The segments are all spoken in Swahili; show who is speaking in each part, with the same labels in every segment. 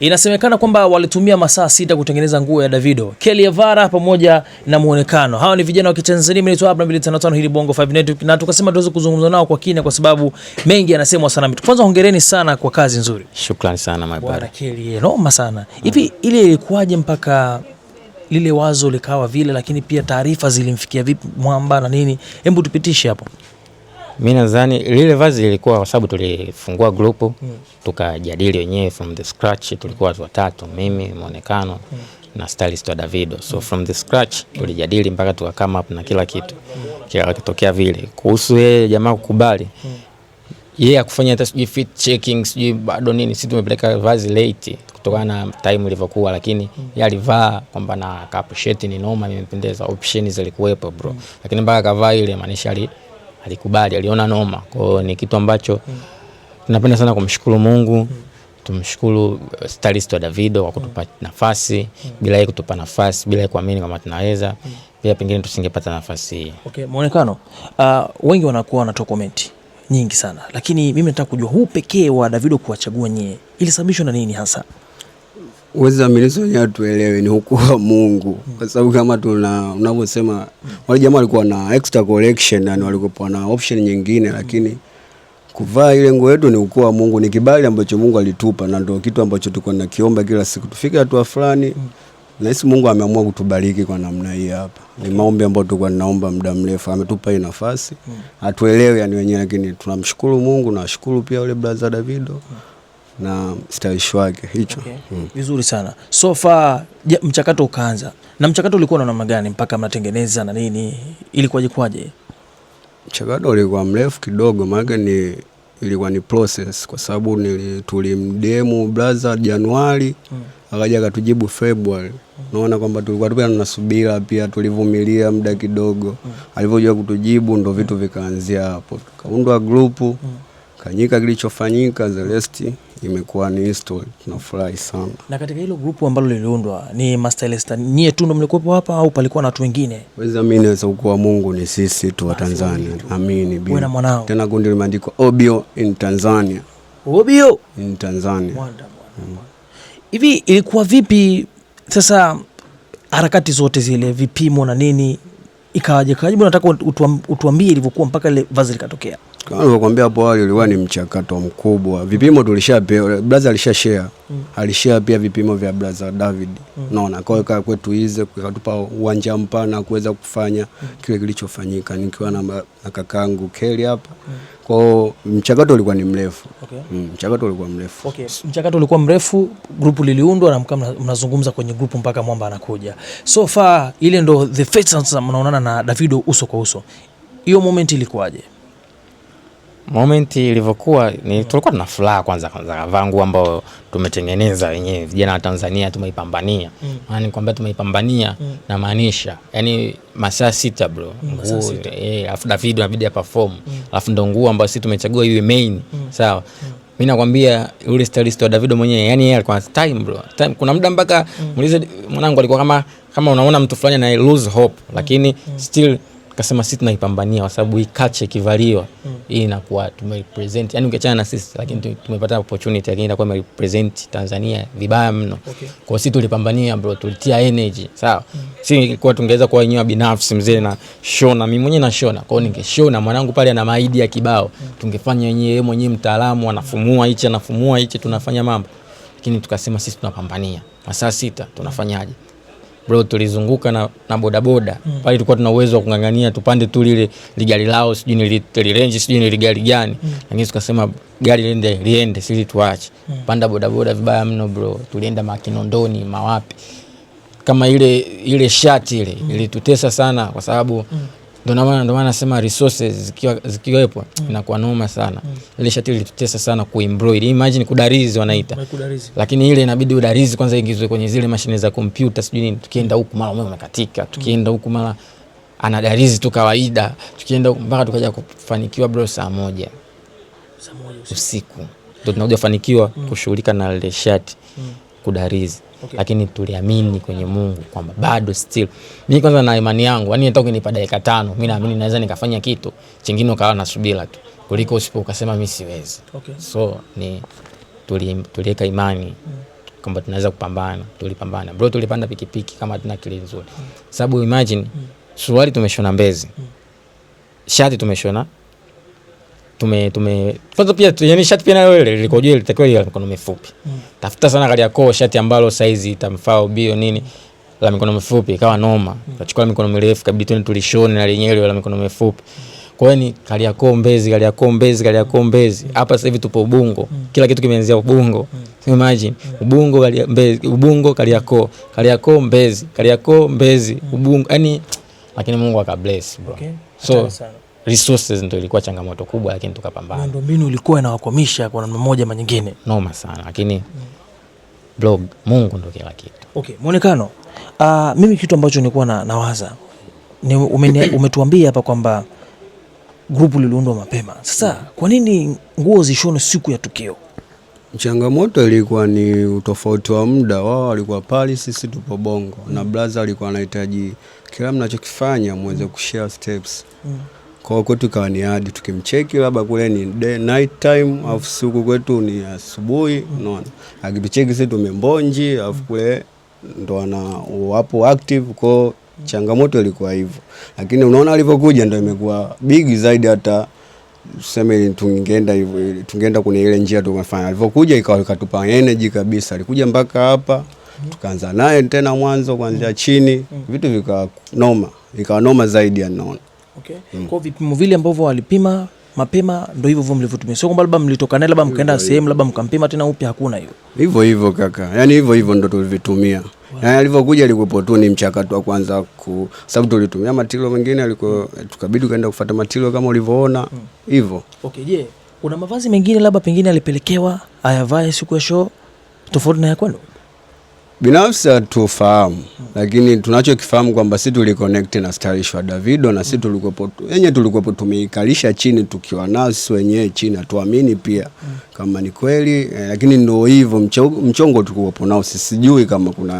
Speaker 1: Inasemekana kwamba walitumia masaa sita kutengeneza nguo ya Davido, Kelly Evara pamoja na muonekano. Hawa ni vijana wa Kitanzania naitwa hapa 255 hili Bongo 5 Network na tukasema tuweze kuzungumza nao kwa kina kwa sababu mengi yanasemwa sana mitu. Kwanza hongereni sana kwa kazi nzuri.
Speaker 2: Shukrani sana my
Speaker 1: brother. Kelly, eh, noma sana. Hivi ile ilikuwaje mpaka lile wazo likawa vile, lakini pia taarifa zilimfikia vipi Mwamba na nini? Hebu tupitishe hapo
Speaker 2: mi nadhani lile vazi lilikuwa kwa sababu tulifungua grupu mm. tukajadili wenyewe from the scratch, tulikuwa watu watatu, mimi mwonekano mm. na stylist wa Davido, so mm. from the scratch tulijadili mpaka tuka come up na kila kitu mm. kila kitokea vile. Kuhusu yeye jamaa kukubali mm yeye yeah, akufanya hata sijui fit checking sijui bado nini, sisi tumepeleka vazi late kutokana na time ilivyokuwa, lakini mm. yeye alivaa kwamba na ka appreciate ni noma, nimependeza, options zilikuwepo bro mm. lakini mpaka akavaa ile maanisha ali alikubali, aliona noma. Kwa hiyo ni kitu ambacho tunapenda sana kumshukuru Mungu, tumshukuru uh, stylist wa Davido kwa kutupa nafasi. Bila yeye kutupa nafasi, bila yeye kuamini kama tunaweza pia, pengine tusingepata nafasi hii.
Speaker 1: Okay, muonekano uh, wengi wanakuwa wanatoa komenti nyingi sana, lakini mimi nataka kujua huu pekee wa Davido kuwachagua nyie ilisababishwa na nini hasa?
Speaker 3: uwezi milizo yenyewe tuelewe ni huku wa Mungu kwa sababu kama tuna unavyosema wale jamaa walikuwa na extra collection, yani walikuwa na option nyingine, mm-hmm. lakini kuvaa ile nguo yetu ni huku wa Mungu, ni kibali ambacho Mungu alitupa, na ndio kitu ambacho tulikuwa tunakiomba kila siku tufike hatua fulani. Mm-hmm. Nahisi Mungu ameamua kutubariki kwa namna hii hapa. Ni mm-hmm. maombi ambayo tulikuwa tunaomba muda mrefu, ametupa hii nafasi, hatuelewi yani wenyewe, lakini tunamshukuru Mungu. Nashukuru pia yule brother Davido na stylish wake hicho. okay.
Speaker 1: mm. Vizuri sana so far ja, mchakato ukaanza na mchakato ulikuwa na namna gani mpaka mnatengeneza na nini, ilikuwaje kwaje?
Speaker 3: Mchakato ulikuwa mrefu kidogo, maana ni ilikuwa ni process kwa sababu tulimdemu brother Januari mm. akaja akatujibu Februari. Hmm. Naona kwamba tulikuwa pia tunasubira pia tulivumilia muda kidogo mm. alivyojua kutujibu ndo vitu vikaanzia hapo, tukaundwa group mm. kanyika kilichofanyika the rest imekuwa ni history, tunafurahi sana.
Speaker 1: Na katika hilo grupu ambalo liliundwa ni Master Lester, nyie tu ndio mlikuwepo hapa au palikuwa na watu wengine?
Speaker 3: Weza mi naweza kuwa Mungu ni sisi tu wa Tanzania. Amini
Speaker 1: mwanao.
Speaker 3: Tena kundi limeandikwa Obio in Tanzania. Obio in Tanzania.
Speaker 1: Hivi mm. Hivi ilikuwa vipi sasa harakati zote zile, vipimo na nini ikawaje kawaje? Nataka utuambie ilivyokuwa mpaka ile vazi likatokea.
Speaker 3: Kama nilivyokuambia hapo awali, ulikuwa ni mchakato mkubwa. Vipimo tulishapewa, brother alisha share, mm. alishare pia vipimo vya brother David, mm. unaona mm. kwa hiyo kwetu hizo katupa uwanja mpana kuweza kufanya mm. kile kilichofanyika nikiwa na na kakaangu Keli hapa mm. Kwao mchakato ulikuwa ni mrefu okay. Mm, mchakato ulikuwa mrefu
Speaker 1: okay. Mchakato ulikuwa mrefu, grupu liliundwa na mkaa mnazungumza kwenye grupu mpaka mwamba anakuja. So far ile ndo the first mnaonana na Davido uso kwa uso, hiyo moment ilikuwaje?
Speaker 2: moment ilivyokuwa ni tulikuwa tuna furaha kwanza kwanza, vangu ambao tumetengeneza wenyewe vijana wa Tanzania tumeipambania. Mm. Maana nikwambia tumeipambania mm. na maanisha yani masaa sita bro, mm, nguo eh, alafu David inabidi ya perform mm. alafu ndo nguo ambayo sisi tumechagua iwe main mm. sawa mm. Mimi nakwambia yule stylist wa David mwenyewe yani yeye alikuwa time bro time. Kuna muda mpaka mm. muulize mm. mwanangu alikuwa kama kama unaona mtu fulani na lose hope, lakini mm. still akasema sisi tunaipambania kwa sababu hii kache ikivaliwa mm. hii inakuwa tumerepresent, yani ukiachana na sisi lakini tumepata opportunity, lakini inakuwa imerepresent Tanzania vibaya mno okay. Kwa sisi tulipambania bro, tulitia energy sawa mm. si ilikuwa tungeweza kuwa wenyewe binafsi mzee na shona, mimi mwenyewe na shona, kwa hiyo ningeshona mwanangu pale ana maidi ya kibao mm. tungefanya wenyewe yeye mwenyewe, mtaalamu anafumua hichi anafumua hichi, tunafanya mambo, lakini tukasema sisi tunapambania masaa sita, tunafanyaje? mm bro, tulizunguka na, na bodaboda mm. pale tulikuwa tuna uwezo wa kung'ang'ania tupande tu lile ligari lao, sijui ni lirenji, sijui ni ligari gani mm. lakini tukasema gari liende, liende sisi tuache mm. panda bodaboda vibaya mno bro, tulienda makinondoni mawapi kama ile ile shati ile mm. ilitutesa sana kwa sababu mm. Ndio maana maana nasema resources zikiwa zikiwepo mm. inakuwa noma sana mm. ile shati lilitutesa sana ku imagine kudarizi wanaita kudarizi, lakini ile inabidi udarizi kwanza ingizwe kwenye zile mashine za kompyuta sijui nini, tukienda huku mara umeme unakatika, tukienda mm. huku mara darizi tu kawaida, tukienda mpaka tukaja kufanikiwa bro, saa moja saa moja usiku ndo tunakuja kufanikiwa mm. kushughulika na ile shati mm kudarizi okay. Lakini tuliamini kwenye Mungu kwamba bado still, mimi kwanza na imani yangu, yani nataka kunipa dakika tano, mimi naamini naweza nikafanya kitu chingine, ukawa na subira tu kuliko usipo ukasema mimi siwezi okay. So ni tuliweka imani mm. kwamba tunaweza kupambana, tulipambana bro, tulipanda pikipiki kama tuna kile nzuri mm. sababu imagine mm. suruali tumeshona Mbezi mm. shati tumeshona tume tume kwanza pia yani shati pia nayo ile liko juu litakiwa ile mikono mifupi mm. Tafuta sana shati ambalo saizi itamfaa bio nini la mikono mifupi ikawa noma mm. mikono mirefu kabidi twende tulishone na lenyewe la mikono mifupi kwa hiyo ni Mbezi, Mbezi, Mbezi. Mm. Hapa sasa hivi tupo Ubungo, mm. kila kitu kimeanzia Ubungo. Mm. Imagine Ubungo Mbezi, Ubungo Mbezi, Mbezi, Ubungo yani, lakini Mungu akabless bro, so resources ndio ilikuwa changamoto kubwa, lakini tukapambana.
Speaker 1: Ndio mbinu ilikuwa inawakwamisha kwa namna moja ama nyingine,
Speaker 2: noma sana, lakini mm. blog, Mungu ndio kila kitu.
Speaker 1: Okay, muonekano. Uh, ah, mimi kitu ambacho nilikuwa na, nawaza ni umene, umetuambia hapa kwamba grupu liliundwa mapema. Sasa kwa nini nguo zishone siku ya tukio?
Speaker 3: Changamoto ilikuwa ni utofauti wa muda. Wao walikuwa pale, sisi tupo Bongo mm. na brother alikuwa anahitaji kila mnachokifanya muweze kushare steps mm. Kwa kwetu ikawa ni hadi tukimcheki labda kule ni day, night time afu siku kwetu ni asubuhi, unaona. Akitucheki sisi tumembonji afu kule ndo ana wapo active kwao, changamoto ilikuwa hivyo, lakini unaona alivyokuja ndo imekuwa big zaidi hata tuseme tungeenda hivyo, tungeenda kwenye ile njia tumefanya. Alivyokuja ikawa ikatupa energy kabisa, alikuja mpaka hapa tukaanza naye tena mwanzo kuanzia chini, vitu vikawa noma, ikawa noma zaidi, anaona
Speaker 1: Okay. Mm. Kwa vipimo vile ambavyo walipima mapema ndo hivyo hivyo mlivyotumia, sio kwamba labda mlitoka naye labda mkaenda sehemu labda mkampima tena upya, hakuna hiyo.
Speaker 3: Hivyo hivyo kaka, yani hivyo hivyo ndo tulivitumia. Wow. Yani alivyokuja ilikuwepo tu ni mchakato wa kwanza ku sababu tulitumia matilo mengine alikuwa tukabidi kaenda kufuata matilo kama ulivyoona mm. hivyo. Mm.
Speaker 1: Okay, je, kuna mavazi mengine labda pengine alipelekewa ayavae siku ya show tofauti na ya kwenu?
Speaker 3: Binafsi hatufahamu, lakini tunachokifahamu kwamba si tuliconnect na Stylish wa Davido na si tulikuwa wenyewe tulikuwa tumeikalisha chini tukiwa nasi wenyewe chini, hatuamini pia kama ni kweli eh, lakini ndio hivyo mchongo tulikuwa nao, sisijui kama kuna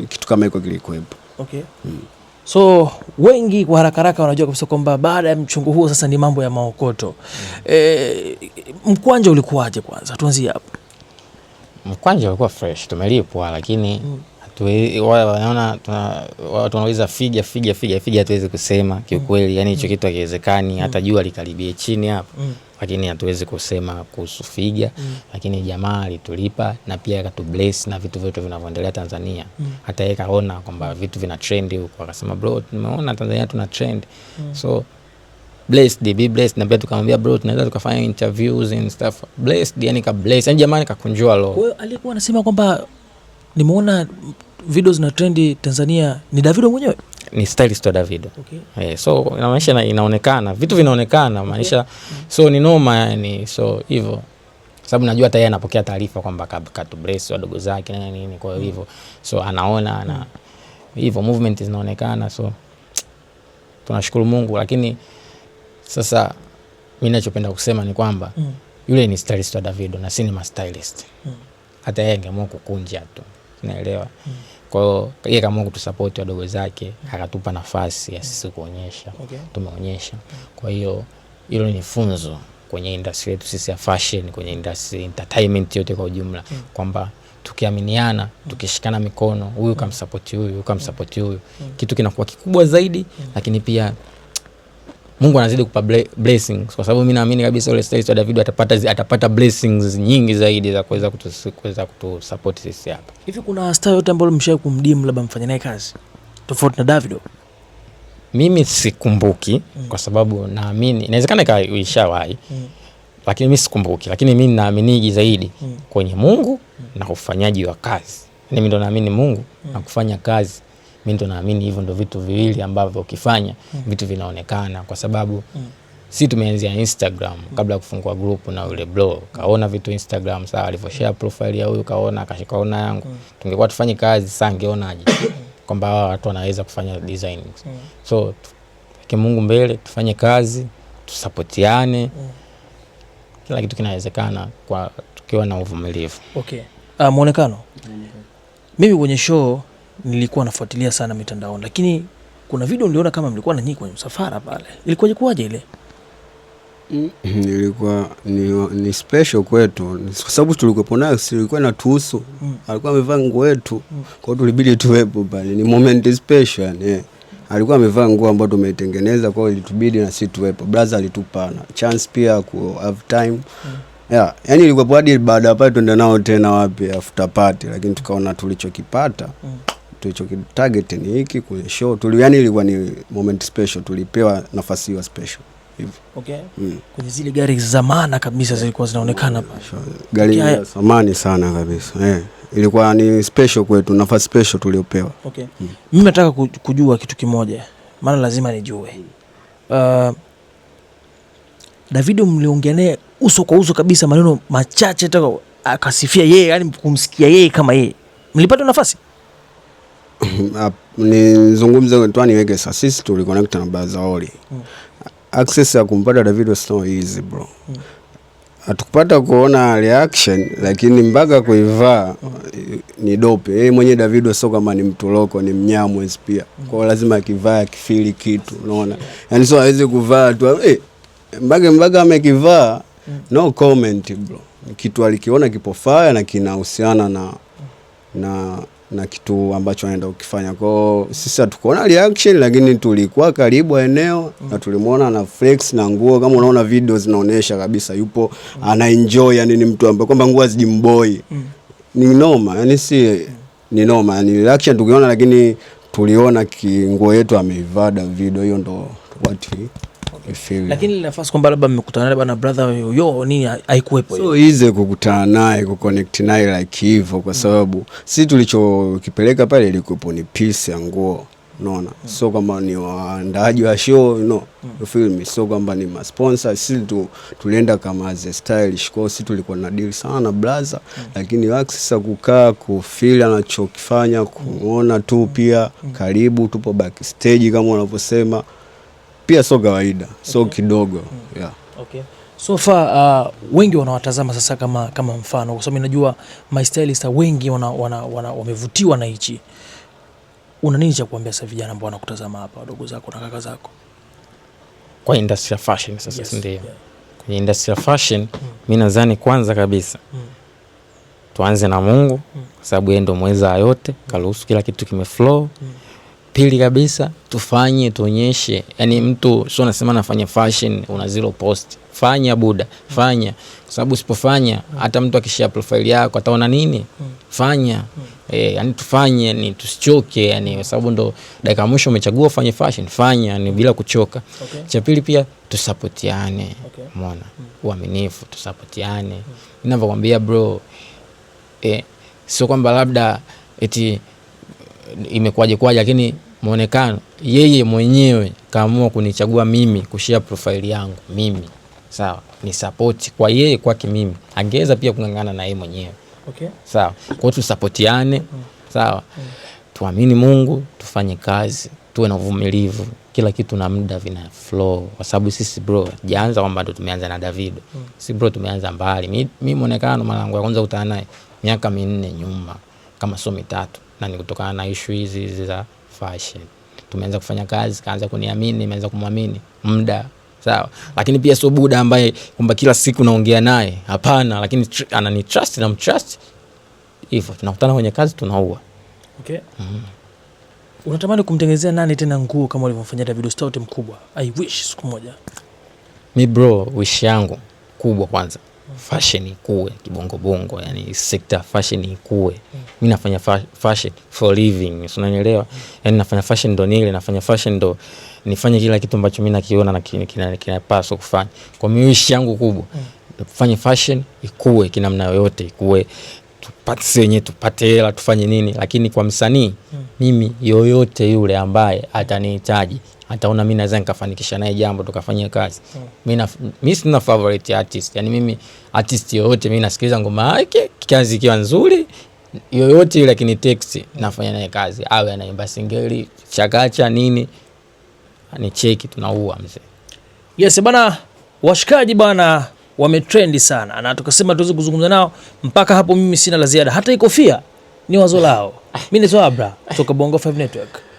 Speaker 3: eh, kitu kama hiko kilikuwepo.
Speaker 1: Okay. Hmm. So wengi kwa haraka haraka wanajua kabisa kwamba baada ya mchongo huo sasa ni mambo ya maokoto. Hmm. Eh, mkwanja ulikuwaje? Kwanza tuanzie hapo
Speaker 2: mkwanja ulikuwa fresh, tumelipwa lakini mm. Wanaona watu wanauliza figa figa figa figa, hatuwezi kusema kiukweli, yani hicho mm. kitu hakiwezekani, hata mm. jua likaribie chini hapo, mm. lakini hatuwezi kusema kuhusu figa. Lakini jamaa alitulipa na pia bless na vitu vyote vinavyoendelea Tanzania. Hata yeye kaona kwamba vitu vina trend huko, akasema bro, tumeona Tanzania tuna trend so blessed be blessed na pia tukamwambia bro, tunaweza tukafanya interviews and stuff. Blessed yani ka blessed yani jamani, kakunjua lo.
Speaker 1: Kwa alikuwa anasema kwamba nimeona video zina trendi Tanzania ni Davido mwenyewe
Speaker 2: ni stylist wa Davido. Okay. Yeah, so inamaanisha inaonekana vitu vinaonekana maanisha okay. So ni noma yani, so hivyo sababu najua hata yeye anapokea taarifa kwamba katubres wadogo zake na nini, kwa hiyo hivyo so anaona na hivyo movement zinaonekana, so tunashukuru Mungu lakini sasa mi nachopenda kusema ni kwamba mm. yule ni stylist wa Davido na si ni mastylist mm. hata yeye angeamua kukunja tu, naelewa mm. Kwa hiyo yeye kaamua kutusapoti wadogo zake, mm. akatupa nafasi ya sisi kuonyesha, okay. Tumeonyesha. mm. Kwa hiyo hilo ni funzo kwenye industry yetu sisi ya fashion, kwenye industry entertainment yote kwa ujumla mm. kwamba tukiaminiana mm. tukishikana mikono, huyu mm. kamsapoti huyu, huyu kamsapoti mm. huyu, mm. kitu kinakuwa kikubwa zaidi, mm. lakini pia Mungu anazidi kupa blessings kwa sababu mimi naamini kabisa yule stage wa David atapata atapata blessings nyingi zaidi za kuweza kuweza kutusupport sisi hapa.
Speaker 1: Hivi kuna star yote ambayo mshawahi kumdim labda mfanye naye kazi tofauti na Davido?
Speaker 2: Mimi sikumbuki mm. kwa sababu naamini inawezekana ishawahi mm. lakini mimi sikumbuki, lakini mimi naaminiji zaidi mm. kwenye Mungu mm. na ufanyaji wa kazi. Mimi ndo naamini Mungu mm. na kufanya kazi mi ndo naamini hivyo ndo vitu viwili ambavyo ukifanya mm. vitu vinaonekana kwa sababu mm. si tumeanzia Instagram mm. kabla ya kufungua group na yule bro kaona vitu Instagram, saa alivyoshare mm. profile ya huyu kaona, kashikaona yangu mm. tungekuwa tufanye kazi saa angeonaje mm. kwamba hawa watu wanaweza kufanya design mm. so tuweke Mungu mbele, tufanye kazi, tusapotiane mm. kila kitu kinawezekana kwa tukiwa na uvumilivu.
Speaker 1: Okay. Uh, mwonekano mimi kwenye show nilikuwa nafuatilia sana mitandaoni, lakini kuna video niliona kama mlikuwa na kwenye msafara pale, ilikuwaje kuwaje ile?
Speaker 3: Mm, mm-hmm. ilikuwa ni, ni special kwetu kwa sababu tulikuwepo nayo, silikuwa natuhusu mm. Alikuwa amevaa nguo yetu mm. Kwao tulibidi tuwepo pale, ni moment special yani yeah. Alikuwa amevaa nguo ambayo tumeitengeneza kwao, ilitubidi na sisi tuwepo. Brother alitupana chance pia ku have time mm. Yeah, yani ilikuwepo hadi baada ya pale tuende nao tena wapi after party, lakini tukaona tulichokipata mm tulicho target ni hiki kwenye show tuli, yani ilikuwa ni moment special, tulipewa nafasi hiyo special
Speaker 1: hivi. Okay. Mm. Kwenye zile gari za zamana kabisa zilikuwa zinaonekana mm,
Speaker 3: Gari ya zamani sana kabisa. Eh. Yeah. Ilikuwa ni special kwetu, nafasi special tuliopewa.
Speaker 1: Okay. Mm. Mimi nataka kujua kitu kimoja. Maana lazima nijue. Mm. Uh, Davido mliongea naye uso kwa uso kabisa, maneno machache, taka akasifia yeye, yani kumsikia yeye kama yeye, mlipata nafasi
Speaker 3: nizungumze tu niweke sasa, sisi tuli connect na Bazaoli mm. access ya kumpata Davido sio easy bro mm. atukupata kuona reaction lakini mpaka kuivaa mm. ni dope. Yeye mwenyewe Davido sio kama ni mtu loko, ni mnyamwezi pia, mm. kwa hiyo lazima akivaa akifili kitu, unaona yani, sio hawezi kuvaa tu eh, mpaka mbaga amekivaa, mm. no comment bro, kitu alikiona kipo faya na kinahusiana na mm. na na kitu ambacho anaenda kukifanya hiyo Sisi hatukuona reaction, lakini tulikuwa karibu eneo mm. na tulimwona na flex na nguo, kama unaona video zinaonyesha kabisa yupo mm. ana enjoy, yani ni mtu ambaye kwamba nguo zijimboy mm. ni noma, yani si mm. ni noma, yani reaction tukiona, lakini tuliona kinguo yetu ameivada video hiyo, ndo what
Speaker 1: okay. Lakini nafasi kwamba labda mmekutana naye bana brother yoyo nini haikuwepo,
Speaker 3: so ize kukutana naye kuconnect naye like hivyo, kwa sababu mm. si tulichokipeleka pale ilikuwepo ni piece ya nguo unaona mm. so kwamba ni waandaaji wa show you know, mm. film so kwamba ni masponsor sisi tu, tulienda kama as a stylish kwao, si tulikuwa na deal sana brother mm. lakini wax sasa kukaa kufeel anachokifanya kuona tu hmm. pia mm. karibu tupo backstage kama unavyosema pia so kawaida, okay. kidogo yeah.
Speaker 1: Okay. So far uh, wengi wanawatazama sasa kama, kama mfano kwa sababu najua wengi wamevutiwa na hichi. Una nini cha kuambia sasa vijana ambao wanakutazama hapa, wadogo zako na kaka zako
Speaker 2: kwa industry ya fashion sasa? Yes, yeah. Kwenye industry ya fashion mm. Mi nadhani kwanza kabisa mm. tuanze na Mungu mm. kwa sababu yeye mweza yote, hmm. karuhusu kila kitu kimeflow mm. Pili kabisa tufanye, tuonyeshe. Yani mtu sio nasema nafanya fashion, una zero post. Fanya buda, fanya kwa sababu usipofanya hata mtu akishia profile yako ataona nini? Fanya hmm. eh, yani tufanye, ni tusichoke, yani kwa sababu ndo dakika mwisho umechagua ufanye fashion, fanya ni yaani bila kuchoka. Okay. Cha pili pia tusapotiane, umeona? Okay. Hmm. Uaminifu, tusapotiane. Hmm. Ninavyokuambia bro, eh, sio kwamba labda eti imekuaje kwaje, lakini muonekano, yeye mwenyewe kaamua kunichagua mimi kushia profile yangu mimi, sawa, ni support kwa yeye kwake mimi, angeweza pia kung'ang'ana na yeye mwenyewe okay. Sawa, kwa hiyo tusapotiane mm. sawa mm. tuamini Mungu, tufanye kazi, tuwe na uvumilivu kila kitu na muda vina flow, kwa sababu sisi bro, jaanza kwamba ndo tumeanza na Davido mm. si bro, tumeanza mbali. Mi, mi mwonekano mara yangu ya kwanza kutana naye miaka minne nyuma, kama sio mitatu na ni kutokana na issue hizi hizi za fashion. Tumeanza kufanya kazi, kaanza kuniamini, nimeanza kumwamini muda sawa, lakini pia sio buda ambaye kwamba kila siku naongea naye, hapana, lakini anani trust na mtrust, hivyo tunakutana kwenye kazi tunaua.
Speaker 1: Okay. Mm. -hmm. Unatamani kumtengenezea nani tena nguo kama ulivyomfanyia Davido Stout mkubwa? I wish siku moja.
Speaker 2: Mi bro, wish yangu kubwa kwanza fashion ikue kibongobongo, yani sekta ya fashion ikue. Mi nafanya fashion for living, unanielewa? Yani nafanya fashion ndo nile, nafanya fashion ndo nifanye kila kitu ambacho mi nakiona na kinapaswa kufanya. Kwa mi wish yangu kubwa fanye fashion ikue kinamna yoyote, ikue tupate sisi wenyewe tupate hela tufanye nini, lakini kwa msanii mimi yoyote yule ambaye atanihitaji ataona mi naweza nikafanikisha naye jambo tukafanya kazi. Mimi mm. mimi sina favorite artist. Yaani mimi artist yoyote mi nasikiliza ngoma yake, kazi ikiwa nzuri yoyote ile, lakini text nafanya naye kazi. Awe anaimba singeli, chakacha nini? Ni cheki tunaua mzee.
Speaker 1: Yes bana, washikaji bana wametrendi sana na tukasema tuweze kuzungumza nao. Mpaka hapo mimi sina la ziada, hata ikofia ni wazo lao. mi ni Abra toka Bongo 5 Network.